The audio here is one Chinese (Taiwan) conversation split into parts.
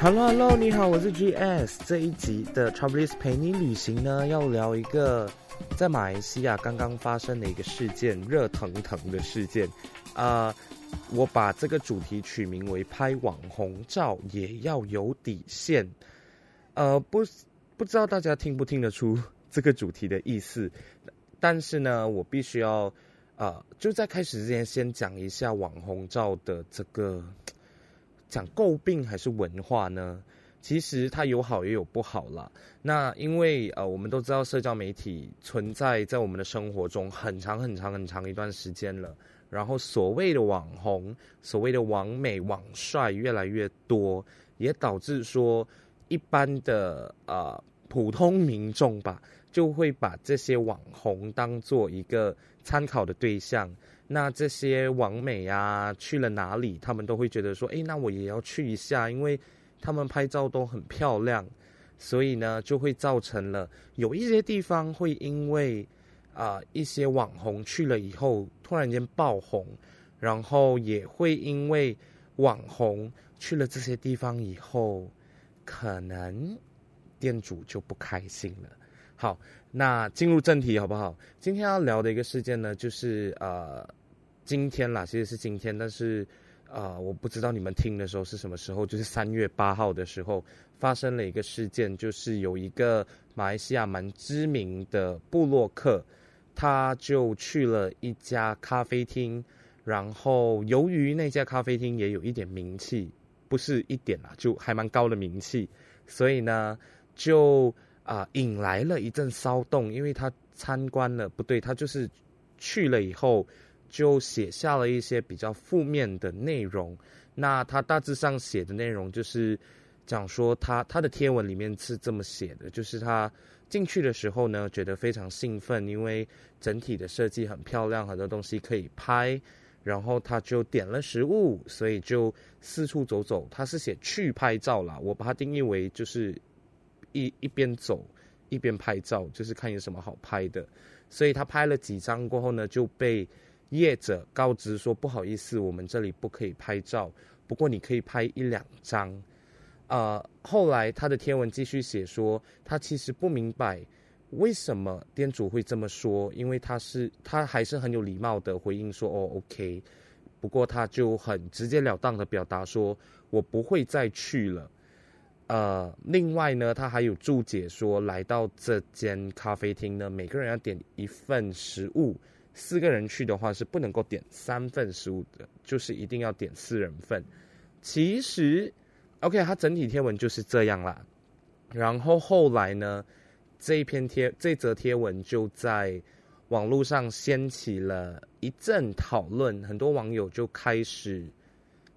Hello，Hello，hello, 你好，我是 GS。這一集的《Travelist 陪你旅行》呢，要聊一個在馬來西亞剛剛發生的一個事件，熱騰騰的事件。啊、呃，我把這個主題取名為“拍網紅照也要有底線”。呃，不，不知道大家聽不聽得出這個主題的意思。但是呢，我必須要啊、呃，就在開始之前先講一下網紅照的這個。講詬病還是文化呢？其實它有好也有不好啦。那因為呃，我們都知道社交媒體存在在我們的生活中很長很長很長一段時間了。然後所謂的網紅、所謂的網美、網帥越來越多，也導致說一般的呃普通民眾吧，就會把這些網紅當做一個參考的對象。那這些網美啊，去了哪裡？他們都會覺得說，誒，那我也要去一下，因為他們拍照都很漂亮，所以呢，就會造成了有一些地方會因為啊，一些網紅去了以後突然間爆紅，然後也會因為網紅去了這些地方以後，可能店主就不開心了。好，那進入正題好不好？今天要聊的一個事件呢，就是呃。今天啦，其實是今天，但是，啊、呃，我不知道你們聽的時候是什麼時候，就是三月八號的時候發生了一個事件，就是有一個馬來西亞蠻知名的部落客，他就去了一家咖啡廳，然後由於那家咖啡廳也有一點名氣，不是一點啦，就還蠻高的名氣，所以呢，就啊、呃、引來了一陣騷動，因為他參觀了，不對，他就是去了以後。就寫下了一些比較負面的內容。那他大致上寫的內容就是，講說他他的貼文裡面是這麼寫的，就是他進去的時候呢，覺得非常興奮，因為整體的設計很漂亮，很多東西可以拍。然後他就點了食物，所以就四處走走。他是寫去拍照啦，我把它定義為就是一一邊走一邊拍照，就是看有什麼好拍的。所以他拍了幾張過後呢，就被。業者告知說：“不好意思，我們這裡不可以拍照，不過你可以拍一兩張。”呃，後來他的貼文繼續寫說，他其實不明白為什麼店主會這麼說，因為他是他還是很有禮貌的回應說：“哦，OK。”不過他就很直截了當的表達說：“我不會再去了。”呃，另外呢，他還有注解說，來到這間咖啡廳呢，每個人要點一份食物。四個人去的話是不能夠點三份食物的，就是一定要點四人份。其實，OK，它整體貼文就是這樣啦。然後後來呢，這一篇貼這則貼文就在網絡上掀起了一陣討論，很多網友就開始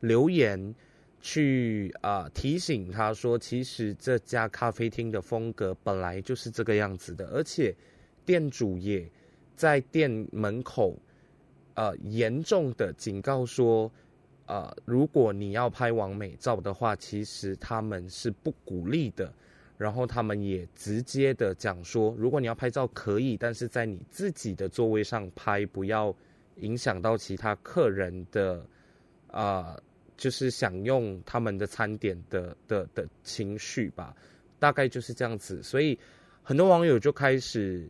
留言去啊、呃、提醒他說，其實這家咖啡廳的風格本來就是這個樣子的，而且店主也。在店門口，呃，嚴重的警告說，呃，如果你要拍網美照的話，其實他們是不鼓勵的。然後他們也直接的講說，如果你要拍照可以，但是在你自己的座位上拍，不要影響到其他客人的，啊、呃，就是享用他們的餐點的的的情緒吧，大概就是這樣子。所以很多網友就開始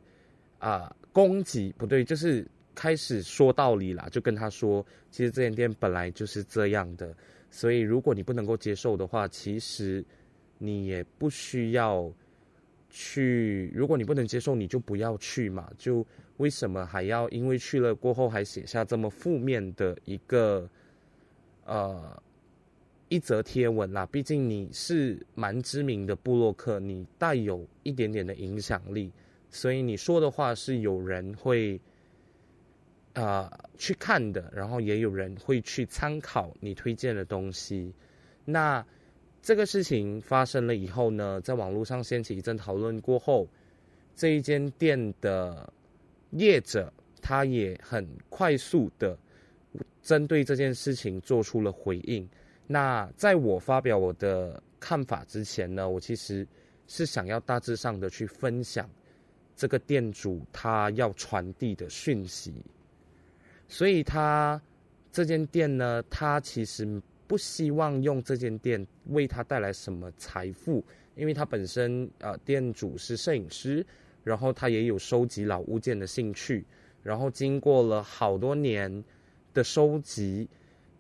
啊。呃攻擊不對，就是開始說道理啦，就跟他說，其實這間店本來就是這樣的，所以如果你不能夠接受的話，其實你也不需要去。如果你不能接受，你就不要去嘛。就為什麼還要因為去了過後還寫下這麼負面的一個呃一則貼文啦？畢竟你是蠻知名的部落客，你帶有一點點的影響力。所以你說的話是有人會，啊、呃、去看的，然後也有人會去參考你推薦的東西。那這個事情發生了以後呢，在網絡上掀起一陣討論過後，這一間店的業者他也很快速的針對這件事情做出了回應。那在我發表我的看法之前呢，我其實是想要大致上的去分享。這個店主他要傳遞的訊息，所以他這間店呢，他其實不希望用這間店為他帶來什麼財富，因為他本身，呃，店主是攝影師，然後他也有收集老物件的興趣，然後經過了好多年的收集，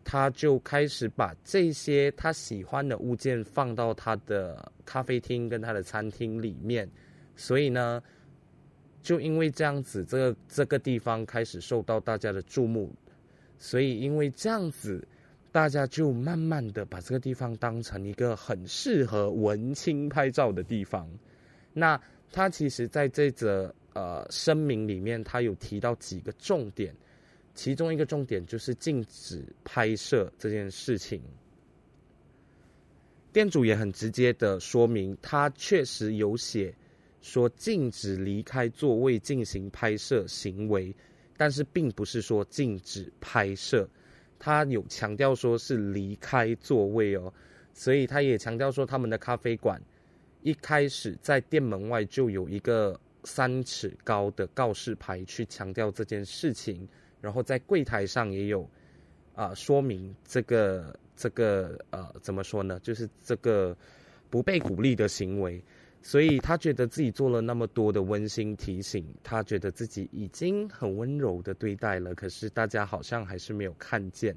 他就開始把這些他喜歡的物件放到他的咖啡廳跟他的餐廳裡面，所以呢。就因為這樣子，這個這個地方開始受到大家的注目，所以因為這樣子，大家就慢慢的把這個地方當成一個很適合文青拍照的地方。那他其實在這則呃聲明裡面，他有提到幾個重點，其中一個重點就是禁止拍攝這件事情。店主也很直接的說明，他確實有寫。說禁止離開座位進行拍攝行為，但是並不是說禁止拍攝，他有強調說是離開座位哦，所以他也強調說他們的咖啡館一開始在店門外就有一個三尺高的告示牌去強調這件事情，然後在櫃台上也有啊，呃，說明這個這個呃怎麼說呢，就是這個不被鼓勵的行為。所以他覺得自己做了那麼多的溫馨提醒，他覺得自己已經很溫柔的對待了，可是大家好像還是沒有看見。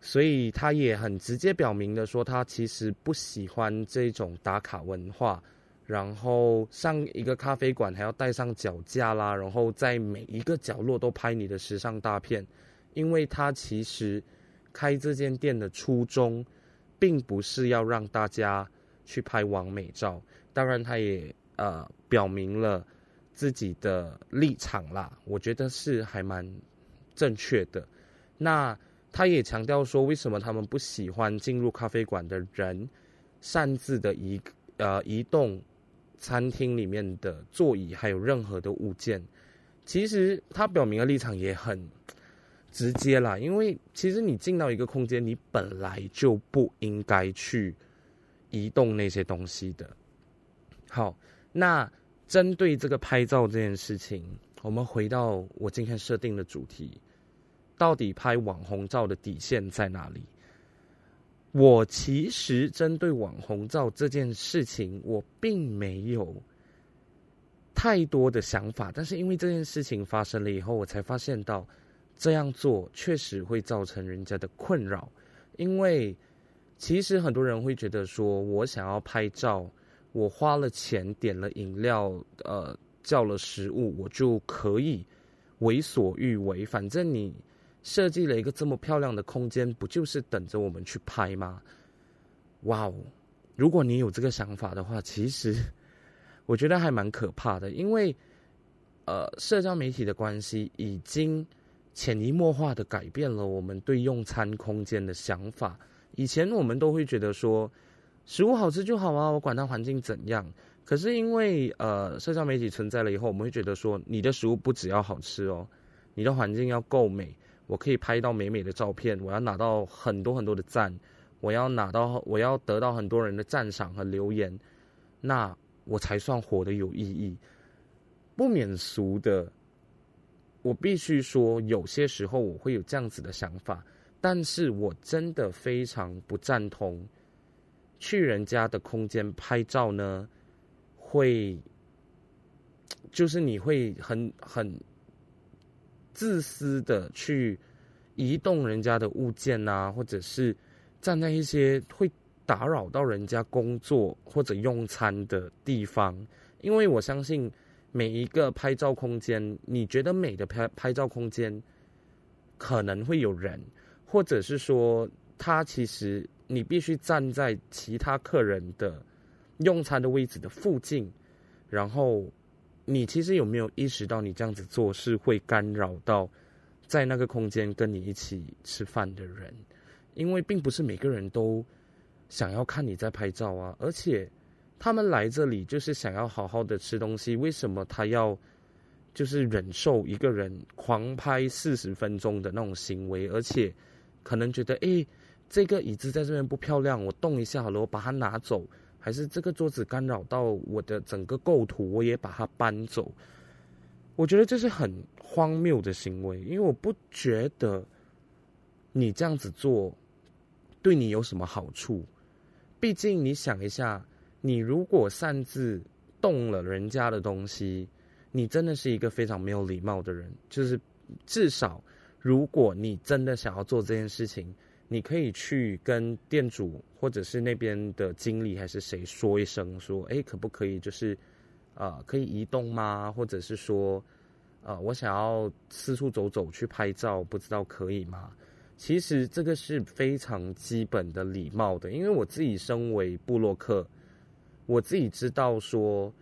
所以他也很直接表明的說，他其實不喜歡這種打卡文化。然後上一個咖啡館還要帶上腳架啦，然後在每一個角落都拍你的時尚大片，因為他其實開這間店的初衷，並不是要讓大家。去拍網美照，當然他也呃表明了自己的立場啦，我覺得是還蠻正確的。那他也強調說，為什麼他們不喜歡進入咖啡館的人擅自的移呃移動餐廳裡面的座椅還有任何的物件？其實他表明的立場也很直接啦，因為其實你進到一個空間，你本來就不應該去。移動那些東西的。好，那針對這個拍照這件事情，我們回到我今天設定的主題，到底拍網紅照的底線在哪裡？我其實針對網紅照這件事情，我並沒有太多的想法，但是因為這件事情發生了以後，我才發現到這樣做確實會造成人家的困擾，因為。其實很多人會覺得說我想要拍照，我花了錢點了飲料，呃，叫了食物，我就可以為所欲為。反正你設計了一個這麼漂亮的空間，不就是等着我們去拍嗎？哇哦！如果你有這個想法的話，其實我覺得還蠻可怕的，因為呃，社交媒體的關係，已經潛移默化的改變了我們對用餐空間的想法。以前我們都會覺得說，食物好吃就好啊，我管它環境怎樣。可是因為呃社交媒體存在了以後，我們會覺得說，你的食物不只要好吃哦，你的環境要夠美，我可以拍到美美的照片，我要拿到很多很多的讚，我要拿到我要得到很多人的讚賞和留言，那我才算活得有意義。不免俗的，我必須說，有些時候我會有這樣子的想法。但是我真的非常不贊同去人家的空間拍照呢，會就是你會很很自私的去移動人家的物件吶、啊，或者是站在一些會打擾到人家工作或者用餐的地方。因為我相信每一個拍照空間，你覺得美的拍拍照空間，可能會有人。或者是說，他其實你必須站在其他客人的用餐的位置的附近，然後你其實有沒有意識到，你這樣子做是會干擾到在那個空間跟你一起吃飯的人？因為並不是每個人都想要看你在拍照啊，而且他們來這裡就是想要好好的吃東西，為什麼他要就是忍受一個人狂拍四十分鐘的那種行為？而且。可能覺得，誒，這個椅子在這邊不漂亮，我動一下好了，我把它拿走；還是這個桌子干擾到我的整個構圖，我也把它搬走。我覺得這是很荒謬的行為，因為我不覺得你這樣子做對你有什麼好處。畢竟你想一下，你如果擅自動了人家的東西，你真的是一個非常沒有禮貌的人。就是至少。如果你真的想要做這件事情，你可以去跟店主或者是那邊的經理還是誰說一聲，說，哎，可不可以就是，啊、呃、可以移動嗎？或者是說，啊、呃、我想要四處走走去拍照，不知道可以嗎？其實這個是非常基本的禮貌的，因為我自己身為部落客，我自己知道說，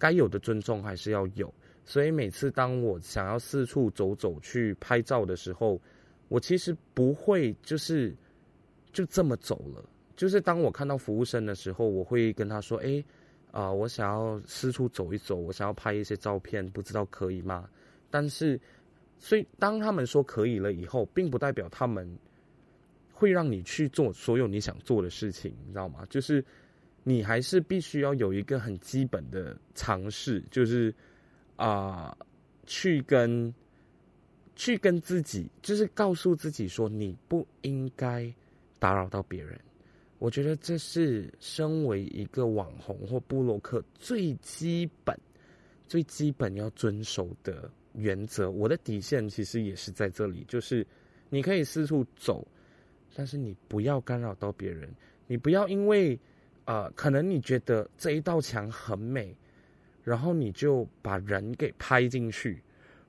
該有的尊重還是要有。所以每次當我想要四處走走去拍照的時候，我其實不會就是就這麼走了。就是當我看到服務生的時候，我會跟他說：“哎，啊、呃，我想要四處走一走，我想要拍一些照片，不知道可以嗎？”但是，所以當他們說可以了以後，並不代表他們會讓你去做所有你想做的事情，你知道嗎？就是你還是必須要有一個很基本的嘗試，就是。啊、呃，去跟去跟自己，就是告訴自己說，你不應該打擾到別人。我覺得這是身為一個網紅或部落客最基本、最基本要遵守的原則。我的底線其實也是在這裡，就是你可以四處走，但是你不要干擾到別人，你不要因為啊、呃，可能你覺得這一道牆很美。然後你就把人給拍進去，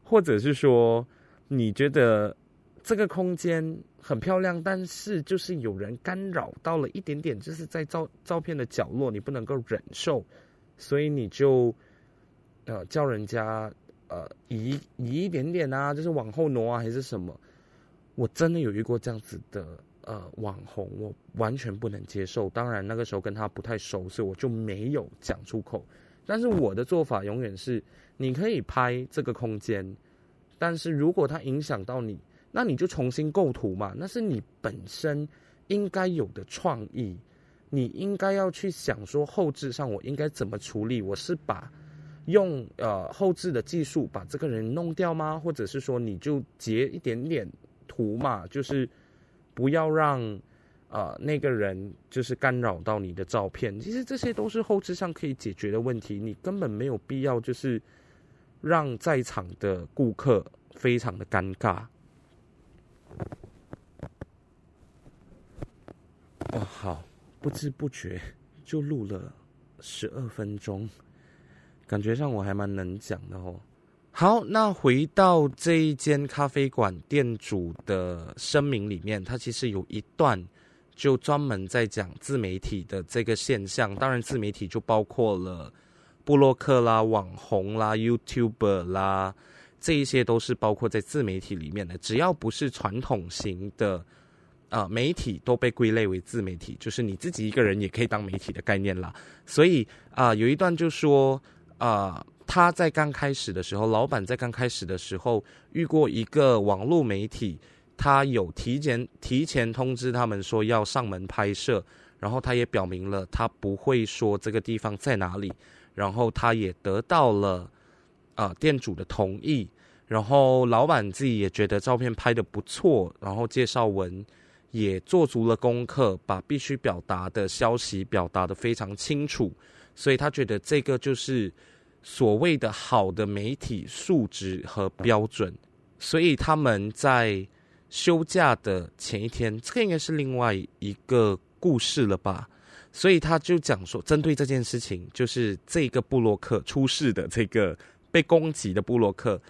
或者是說你覺得這個空間很漂亮，但是就是有人干擾到了一點點，就是在照照片的角落，你不能夠忍受，所以你就呃叫人家呃移移一點點啊，就是往後挪啊，還是什麼？我真的有遇過這樣子的呃網紅，我完全不能接受。當然那個時候跟他不太熟，所以我就沒有講出口。但是我的做法永遠是，你可以拍這個空間，但是如果它影響到你，那你就重新構圖嘛。那是你本身應該有的創意，你應該要去想說後製上我應該怎麼處理。我是把用呃後製的技術把這個人弄掉嗎？或者是說你就截一點點圖嘛？就是不要讓。呃，那個人就是干擾到你的照片，其實這些都是後製上可以解決的問題，你根本沒有必要就是讓在場的顧客非常的尷尬。哇、哦，好，不知不覺就錄了十二分鐘，感覺上我還蠻能講的哦。好，那回到這一間咖啡館店主的聲明裡面，他其實有一段。就專門在講自媒體的這個現象，當然自媒體就包括了部落客啦、網紅啦、YouTuber 啦，這一些都是包括在自媒體裡面的。只要不是傳統型的，呃，媒體都被歸類為自媒體，就是你自己一個人也可以當媒體的概念啦。所以啊、呃，有一段就說，呃，他在剛開始的時候，老闆在剛開始的時候遇過一個網絡媒體。他有提前提前通知他們說要上門拍攝，然後他也表明了他不會說這個地方在哪裡，然後他也得到了啊、呃、店主的同意，然後老板自己也覺得照片拍得不錯，然後介紹文也做足了功課，把必須表達的消息表達得非常清楚，所以他覺得這個就是所謂的好的媒體素質和標準，所以他們在。休假的前一天，這個、應該是另外一個故事了吧。所以他就講說，針對這件事情，就是這個部落客出事的這個被攻擊的部落客，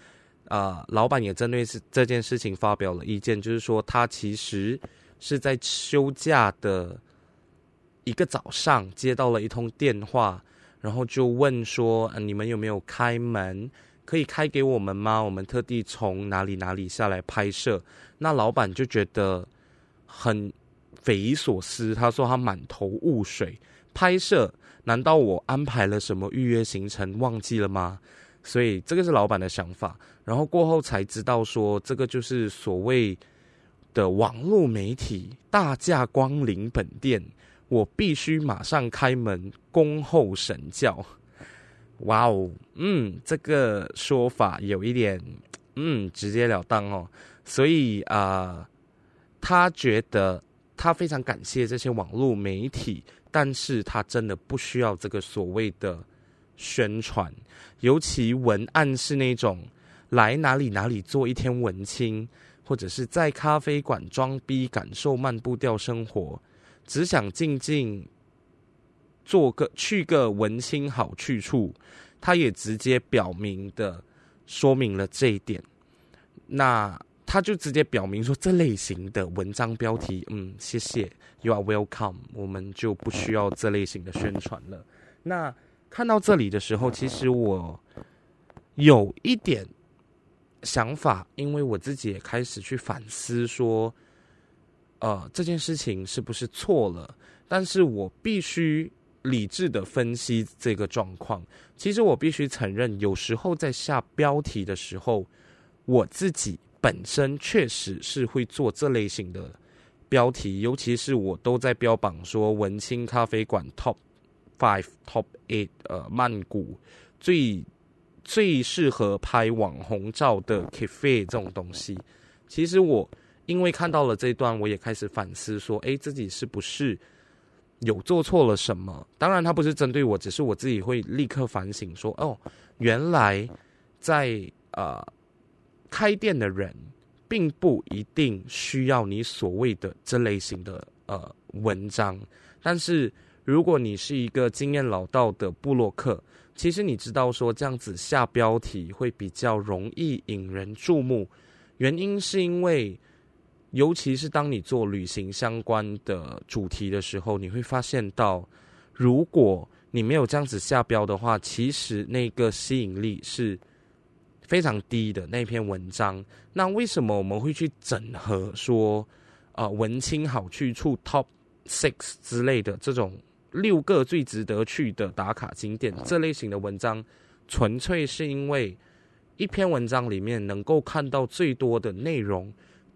啊、呃，老闆也針對是這件事情發表了意見，就是說他其實是在休假的一個早上接到了一通電話，然後就問說，呃、你們有沒有開門？可以開給我們嗎？我們特地從哪裡哪裡下來拍攝，那老闆就覺得很匪夷所思。他說他滿頭霧水，拍攝難道我安排了什麼預約行程忘記了嗎？所以這個是老闆的想法。然後過後才知道說，這個就是所謂的網絡媒體大駕光臨本店，我必須馬上開門恭候神教。哇哦，wow, 嗯，這個說法有一點，嗯，直截了當哦。所以啊、呃，他覺得他非常感謝這些網絡媒體，但是他真的不需要這個所謂的宣傳，尤其文案是那種來哪裡哪裡做一天文青，或者是在咖啡館裝逼，感受慢步調生活，只想靜靜。做個去個文青好去處，他也直接表明的說明了這一點。那他就直接表明說，這類型的文章標題，嗯，謝謝，you are welcome，我們就不需要這類型的宣傳了。那看到這裡的時候，其實我有一點想法，因為我自己也開始去反思說，呃，這件事情是不是錯了？但是我必須。理智的分析這個狀況。其實我必須承認，有時候在下標題的時候，我自己本身確實是會做這類型的標題，尤其是我都在標榜說文青咖啡館 Top Five、Top Eight，呃，曼谷最最適合拍網紅照的 cafe 這種東西。其實我因為看到了這段，我也開始反思說，哎，自己是不是？有做錯了什麼？當然，他不是針對我，只是我自己會立刻反省說：哦，原來在呃開店的人並不一定需要你所謂的這類型的呃文章。但是，如果你是一個經驗老道的部落客，其實你知道說這樣子下標題會比較容易引人注目，原因是因為。尤其是當你做旅行相關的主題的時候，你會發現到，如果你沒有這樣子下標的話，其實那個吸引力是非常低的那篇文章。那為什麼我們會去整合說，呃，文青好去處 Top Six 之類的這種六個最值得去的打卡景點，這類型的文章？純粹是因為一篇文章裡面能夠看到最多的內容。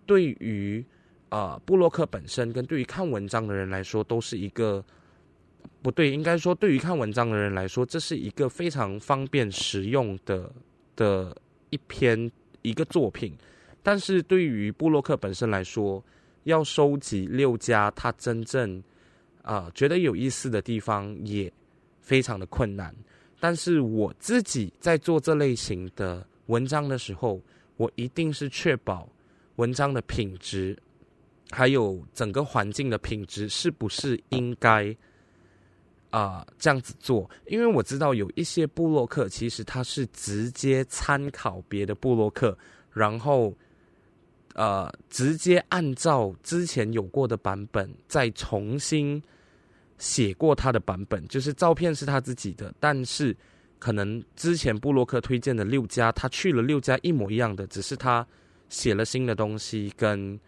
對於，啊，部落客本身跟對於看文章的人來說，都是一個不對，應該說，對於看文章的人來說，這是一個非常方便實用的的一篇一個作品。但是對於部落客本身來說，要收集六家他真正，啊、呃、覺得有意思的地方，也非常的困難。但是我自己在做這類型的文章的時候，我一定是確保。文章的品質，還有整個環境的品質，是不是應該啊、呃、這樣子做？因為我知道有一些部落客，其實他是直接參考別的部落客，然後呃直接按照之前有過的版本再重新寫過他的版本。就是照片是他自己的，但是可能之前部落客推薦的六家，他去了六家一模一樣的，只是他。寫了新的東西，跟，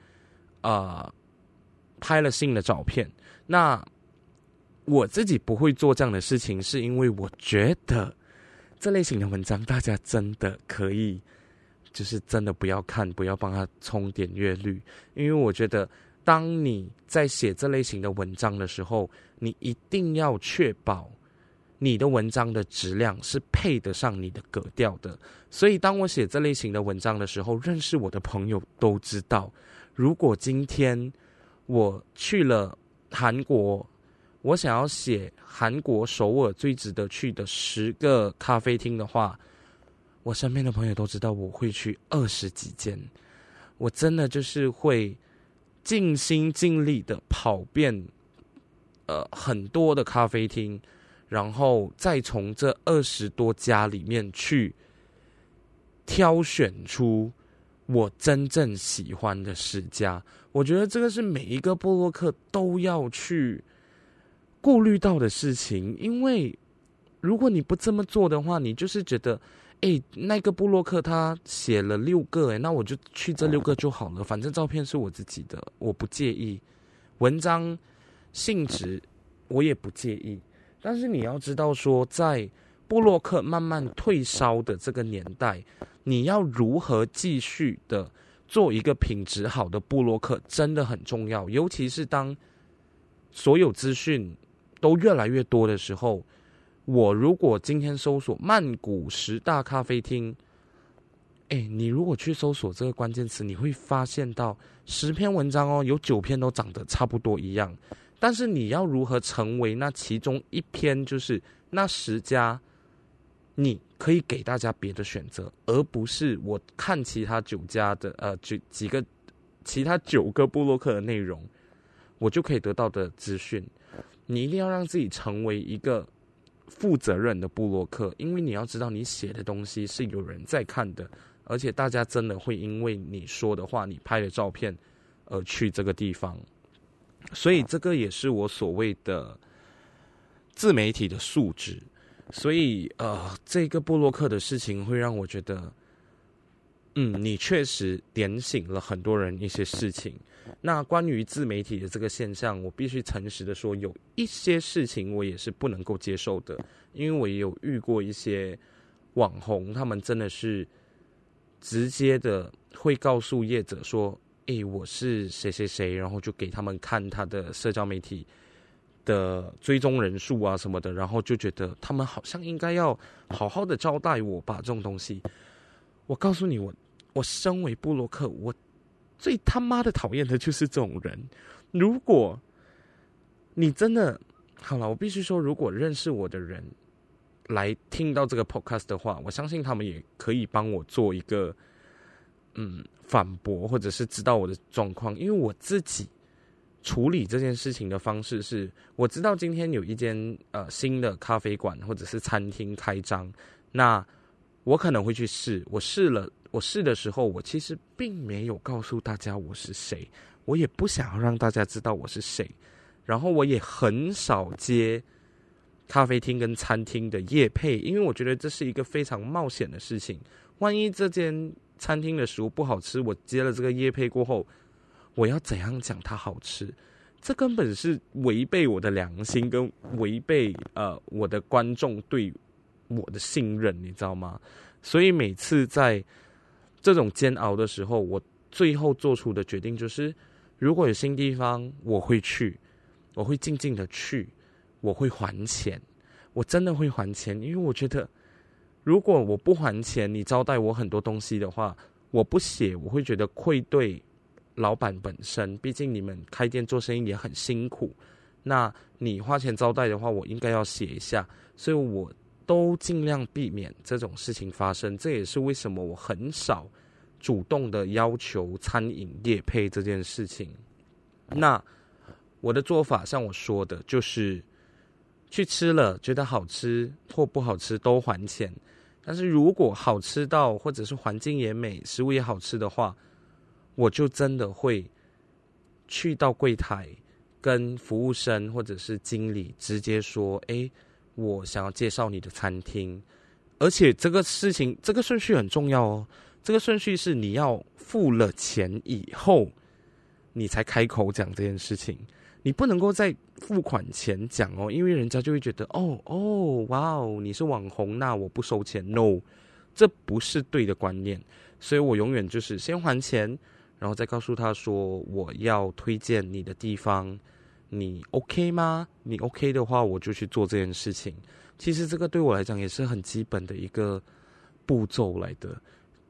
呃，拍了新的照片。那我自己不會做這樣的事情，是因為我覺得這類型的文章大家真的可以，就是真的不要看，不要幫他衝點閱率。因為我覺得，當你在寫這類型的文章的時候，你一定要確保。你的文章的質量是配得上你的格調的，所以當我寫這類型的文章的時候，認識我的朋友都知道。如果今天我去了韓國，我想要寫韓國首爾最值得去的十個咖啡廳的話，我身邊的朋友都知道我會去二十幾間。我真的就是會盡心盡力的跑遍呃很多的咖啡廳。然後再從這二十多家裡面去挑選出我真正喜歡的十家，我覺得這個是每一個部落客都要去顧慮到的事情。因為如果你不這麼做的話，你就是覺得，哎，那個部落客他寫了六個，哎，那我就去這六個就好了，反正照片是我自己的，我不介意，文章性質我也不介意。但是你要知道說，說在部落客慢慢退燒的這個年代，你要如何繼續的做一個品質好的部落客，真的很重要。尤其是當所有資訊都越來越多的時候，我如果今天搜索，曼谷十大咖啡廳，誒，你如果去搜索這個關鍵詞，你會發現到十篇文章哦，有九篇都長得差不多一樣。但是你要如何成為那其中一篇，就是那十家，你可以給大家別的選擇，而不是我看其他九家的呃幾幾個其他九個部落客的內容，我就可以得到的資訊。你一定要讓自己成為一個負責任的部落客，因為你要知道你寫的東西是有人在看的，而且大家真的會因為你說的話、你拍的照片而去這個地方。所以這個也是我所謂的自媒體的素質。所以呃，這個部落客的事情會讓我覺得，嗯，你確實點醒了很多人一些事情。那關於自媒體的這個現象，我必須誠實的說，有一些事情我也是不能夠接受的，因為我也有遇過一些網紅，他們真的是直接的會告訴業者說。誒，我是誰誰誰，然後就給他們看他的社交媒體的追蹤人數啊什麼的，然後就覺得他們好像應該要好好的招待我吧。這種東西，我告訴你，我我身為部落客，我最他媽的討厭的就是這種人。如果你真的好了，我必須說，如果認識我的人來聽到這個 podcast 的話，我相信他們也可以幫我做一個。嗯，反駁或者是知道我的狀況，因為我自己處理這件事情的方式是，我知道今天有一間呃新的咖啡館或者是餐廳開張，那我可能會去試。我試了，我試的時候，我其實並沒有告訴大家我是誰，我也不想要讓大家知道我是誰。然後我也很少接咖啡廳跟餐廳的業配，因為我覺得這是一個非常冒險的事情，萬一這間，餐廳的食物不好吃，我接了這個業配過後，我要怎樣講它好吃？這根本是違背我的良心，跟違背呃我的觀眾對我的信任，你知道嗎？所以每次在這種煎熬的時候，我最後做出的決定就是：如果有新地方，我會去，我會靜靜的去，我會還錢，我真的會還錢，因為我覺得。如果我不還錢，你招待我很多東西的話，我不寫，我會覺得愧對老闆本身。畢竟你們開店做生意也很辛苦，那你花錢招待的話，我應該要寫一下。所以我都盡量避免這種事情發生。這也是為什麼我很少主動的要求餐飲業配這件事情。那我的做法，像我說的，就是去吃了，覺得好吃或不好吃都還錢。但是如果好吃到，或者是環境也美，食物也好吃的話，我就真的會去到櫃檯跟服務生或者是經理直接說：“哎，我想要介紹你的餐廳。”而且這個事情，這個順序很重要哦。這個順序是你要付了錢以後，你才開口講這件事情。你不能夠在付款前講哦，因為人家就會覺得哦哦哇哦，你是網紅，那我不收錢。No，這不是對的觀念。所以我永遠就是先還錢，然後再告訴他說我要推薦你的地方，你 OK 嗎？你 OK 的話，我就去做這件事情。其實這個對我來講也是很基本的一個步驟來的。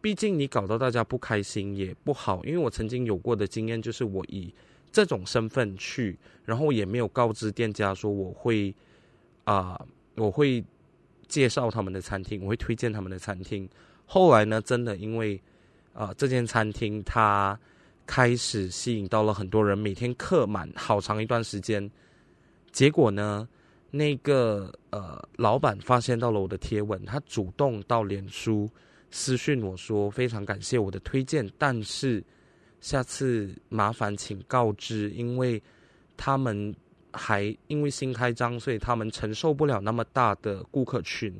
畢竟你搞到大家不開心也不好，因為我曾經有過的經驗就是我以。這種身份去，然後也沒有告知店家說我會啊、呃，我會介紹他們的餐廳，我會推薦他們的餐廳。後來呢，真的因為啊、呃，這間餐廳它開始吸引到了很多人，每天客滿好長一段時間。結果呢，那個呃老闆發現到了我的貼文，他主動到臉書私訊我說非常感謝我的推薦，但是。下次麻煩請告知，因為他們還因為新開張，所以他們承受不了那麼大的顧客群，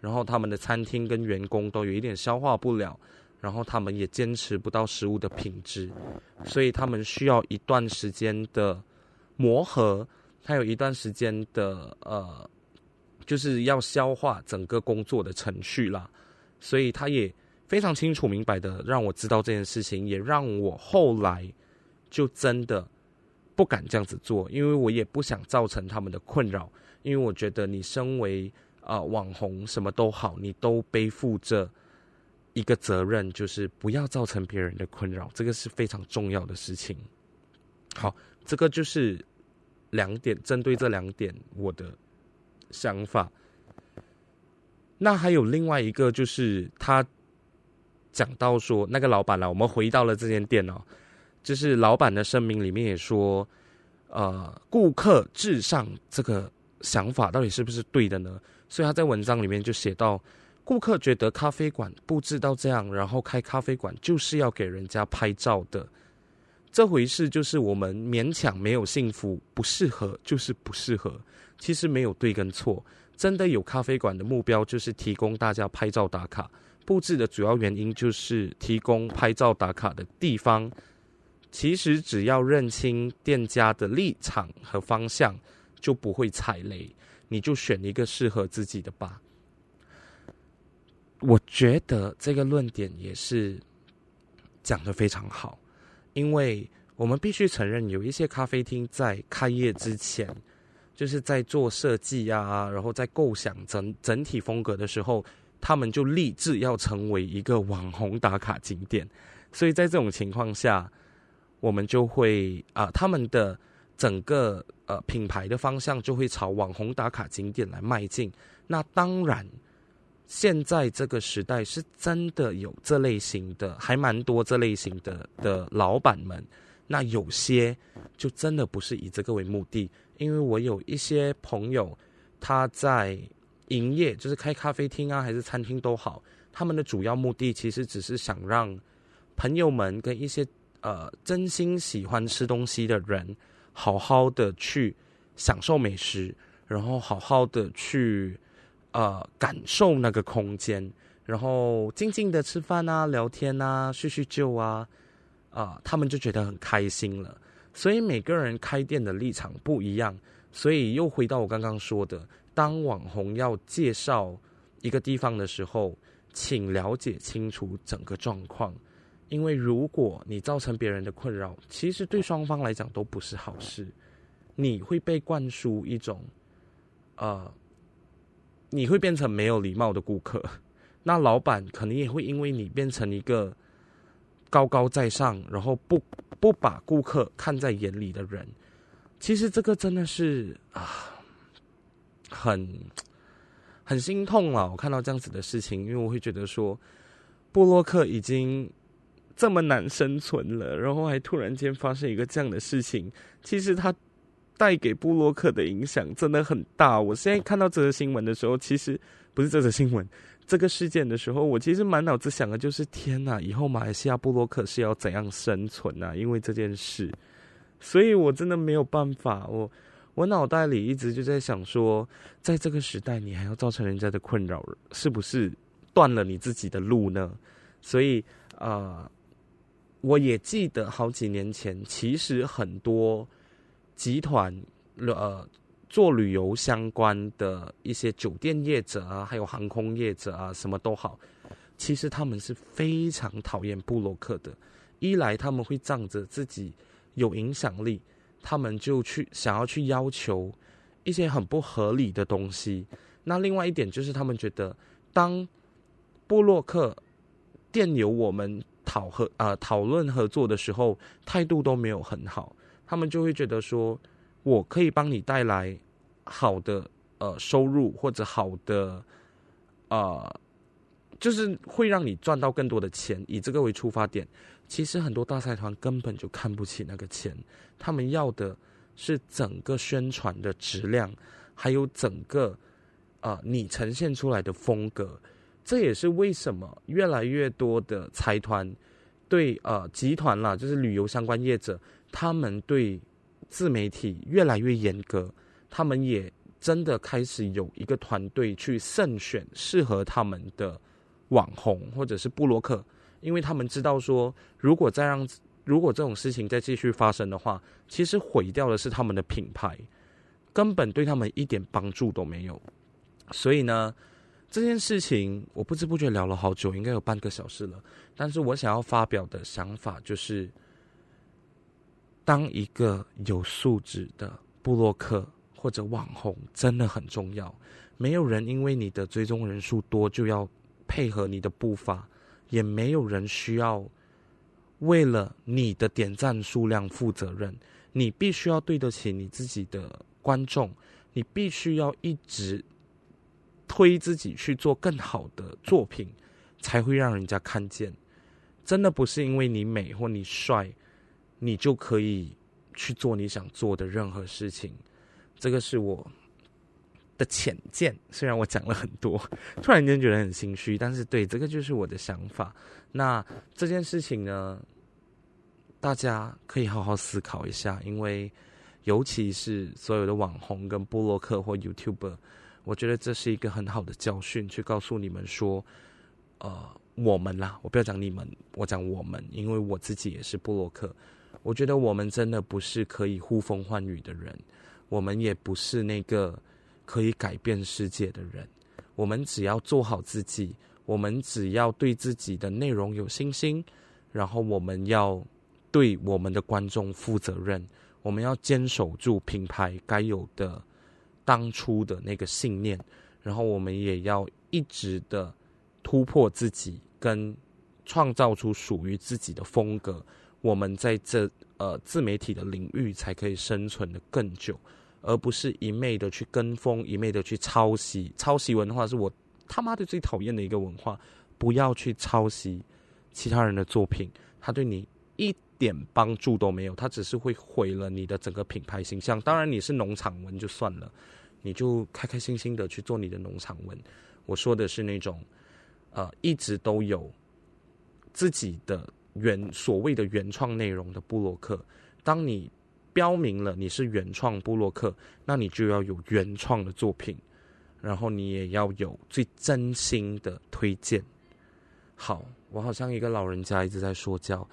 然後他們的餐廳跟員工都有一點消化不了，然後他們也堅持不到食物的品質，所以他們需要一段時間的磨合，他有一段時間的呃，就是要消化整個工作的程序啦，所以他也。非常清楚明白的讓我知道這件事情，也讓我後來就真的不敢這樣子做，因為我也不想造成他們的困擾。因為我覺得你身為啊、呃、網紅，什麼都好，你都背負着一個責任，就是不要造成別人的困擾，這個是非常重要的事情。好，這個就是兩點，針對這兩點我的想法。那還有另外一個就是他。講到說那個老闆來啊，我們回到了這間店哦，就是老闆的聲明裡面也說，呃，顧客至上這個想法到底是不是對的呢？所以他在文章裡面就寫到，顧客覺得咖啡館布置到這樣，然後開咖啡館就是要給人家拍照的，這回事就是我們勉強沒有幸福，不適合就是不適合，其實沒有對跟錯，真的有咖啡館的目標就是提供大家拍照打卡。佈置的主要原因就是提供拍照打卡的地方。其實只要認清店家的立場和方向，就不會踩雷。你就選一個適合自己的吧。我覺得這個論點也是講得非常好，因為我們必須承認，有一些咖啡廳在開業之前就是在做設計啊，然後在構想整整體風格的時候。他們就立志要成為一個網紅打卡景點，所以在這種情況下，我們就會啊、呃，他們的整個呃品牌的方向就會朝網紅打卡景點來邁進。那當然，現在這個時代是真的有這類型的，還蠻多這類型的的老闆們。那有些就真的不是以這個為目的，因為我有一些朋友他在。營業就是開咖啡廳啊，還是餐廳都好，他們的主要目的其實只是想讓朋友們跟一些呃真心喜歡吃東西的人，好好的去享受美食，然後好好的去呃感受那個空間，然後靜靜的吃飯啊，聊天啊，敘敘舊啊，啊、呃，他們就覺得很開心了。所以每個人開店的立場不一樣，所以又回到我剛剛說的。當網紅要介紹一個地方的時候，請了解清楚整個狀況，因為如果你造成別人的困擾，其實對雙方來講都不是好事。你會被灌輸一種，呃，你會變成沒有禮貌的顧客，那老板可能也會因為你變成一個高高在上，然後不不把顧客看在眼裡的人。其實這個真的是啊。很，很心痛啊，我看到這樣子的事情，因為我會覺得說，部落客已經這麼難生存了，然後還突然間發生一個這樣的事情，其實它帶給部落客的影響真的很大。我現在看到這個新聞的時候，其實不是這則新聞，這個事件的時候，我其實滿腦子想的就是：天哪、啊，以後馬來西亞部落客是要怎樣生存啊？因為這件事，所以我真的沒有辦法。我。我腦袋裡一直就在想說，在這個時代，你還要造成人家的困擾，是不是斷了你自己的路呢？所以，呃，我也記得好幾年前，其實很多集團，呃，做旅遊相關的一些酒店業者啊，還有航空業者啊，什麼都好，其實他們是非常討厭部落客的。一來他們會仗着自己有影響力。他們就去想要去要求一些很不合理的東西。那另外一點就是，他們覺得當部落客電郵我們討論呃討論合作的時候，態度都沒有很好，他們就會覺得說，我可以幫你帶來好的呃收入或者好的呃。就是會讓你賺到更多的錢，以這個為出發點。其實很多大財團根本就看不起那個錢，他們要的是整個宣傳的質量，還有整個啊、呃、你呈現出來的風格。這也是為什麼越來越多的財團對呃集團啦，就是旅遊相關業者，他們對自媒體越來越嚴格。他們也真的開始有一個團隊去慎選適合他們的網紅或者是部落客，因為他們知道說，如果再讓，如果這種事情再繼續發生的話，其實毀掉的是他們的品牌，根本對他們一點幫助都沒有。所以呢，這件事情我不知不覺聊了好久，應該有半個小時了。但是我想要發表的想法就是，當一個有素質的部落客或者網紅真的很重要。沒有人因為你的追蹤人數多就要。配合你的步伐，也沒有人需要為了你的點讚數量負責任。你必須要對得起你自己的觀眾，你必須要一直推自己去做更好的作品，才會讓人家看見。真的不是因為你美或你帥，你就可以去做你想做的任何事情。這個是我的淺見，雖然我講了很多，突然間覺得很心虛，但是對，這個就是我的想法。那這件事情呢，大家可以好好思考一下，因為尤其是所有的網紅跟部落客或 YouTuber，我覺得這是一個很好的教訓，去告訴你們說，呃，我們啦，我不要講你們，我講我們，因為我自己也是部落客，我覺得我們真的不是可以呼風喚雨的人，我們也不是那個。可以改變世界的人，我們只要做好自己，我們只要對自己的內容有信心，然後我們要對我們的觀眾負責任，我們要堅守住品牌該有的當初的那個信念，然後我們也要一直的突破自己，跟創造出屬於自己的風格，我們在這，呃，自媒體的領域才可以生存得更久。而不是一昧的去跟風，一昧的去抄襲。抄襲文化是我他媽的最討厭的一個文化。不要去抄襲其他人的作品，他對你一點幫助都沒有，他只是會毀了你的整個品牌形象。當然，你是農場文就算了，你就開開心心的去做你的農場文。我說的是那種，呃，一直都有自己的原所謂的原創內容的部落客。當你。標明了你是原創部落客，那你就要有原創的作品，然後你也要有最真心的推薦。好，我好像一個老人家一直在說教，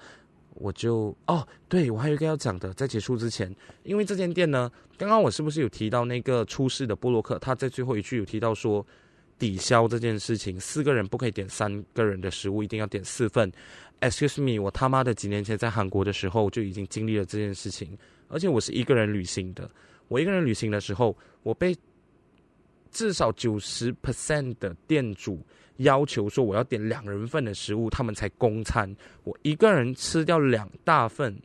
我就哦，對，我還有一個要講的，在結束之前，因為這間店呢，剛剛我是不是有提到那個出事的部落客？他在最後一句有提到說。抵消這件事情，四個人不可以點三個人的食物，一定要點四份。Excuse me，我他媽的幾年前在韓國的時候就已經經歷了這件事情，而且我是一個人旅行的。我一個人旅行的時候，我被至少九十 percent 的店主要求說我要點兩人份的食物，他們才供餐。我一個人吃掉兩大份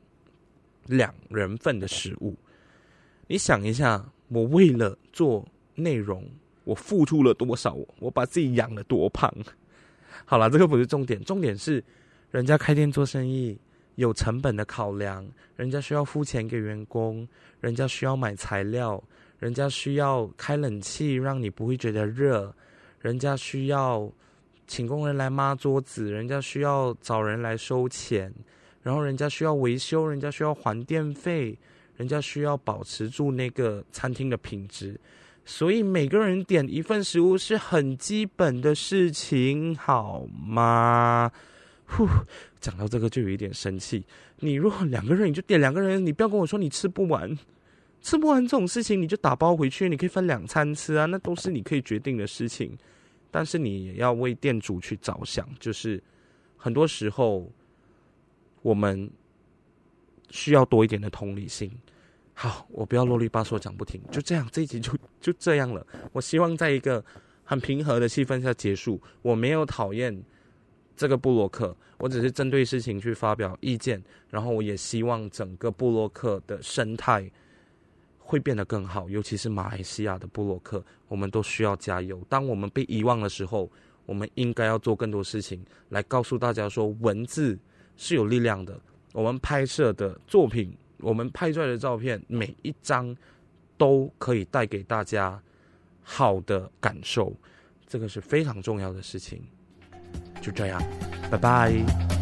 兩人份的食物，你想一下，我為了做內容。我付出了多少？我把自己養了多胖？好了，這個不是重點，重點是，人家開店做生意有成本的考量，人家需要付錢給員工，人家需要買材料，人家需要開冷氣讓你不會覺得熱，人家需要請工人來抹桌子，人家需要找人來收錢，然後人家需要維修，人家需要還電費，人家需要保持住那個餐廳的品質。所以每個人點一份食物是很基本的事情，好嗎？呼，講到這個就有一點生氣。你如果兩個人，你就點兩個人，你不要跟我說你吃不完，吃不完這種事情你就打包回去，你可以分兩餐吃啊，那都是你可以決定的事情。但是你也要為店主去着想，就是很多時候我們需要多一點的同理心。好，我不要囉里吧嗦講不停，就這樣，這一集就就這樣了。我希望在一個很平和的氣氛下結束。我沒有討厭這個部落客，我只是針對事情去發表意見。然後我也希望整個部落客的生態會變得更好，尤其是馬來西亞的部落客，我們都需要加油。當我們被遺忘的時候，我們應該要做更多事情來告訴大家說，文字是有力量的。我們拍攝的作品。我們拍出來的照片每一張都可以帶給大家好的感受，這個是非常重要的事情。就這樣，拜拜。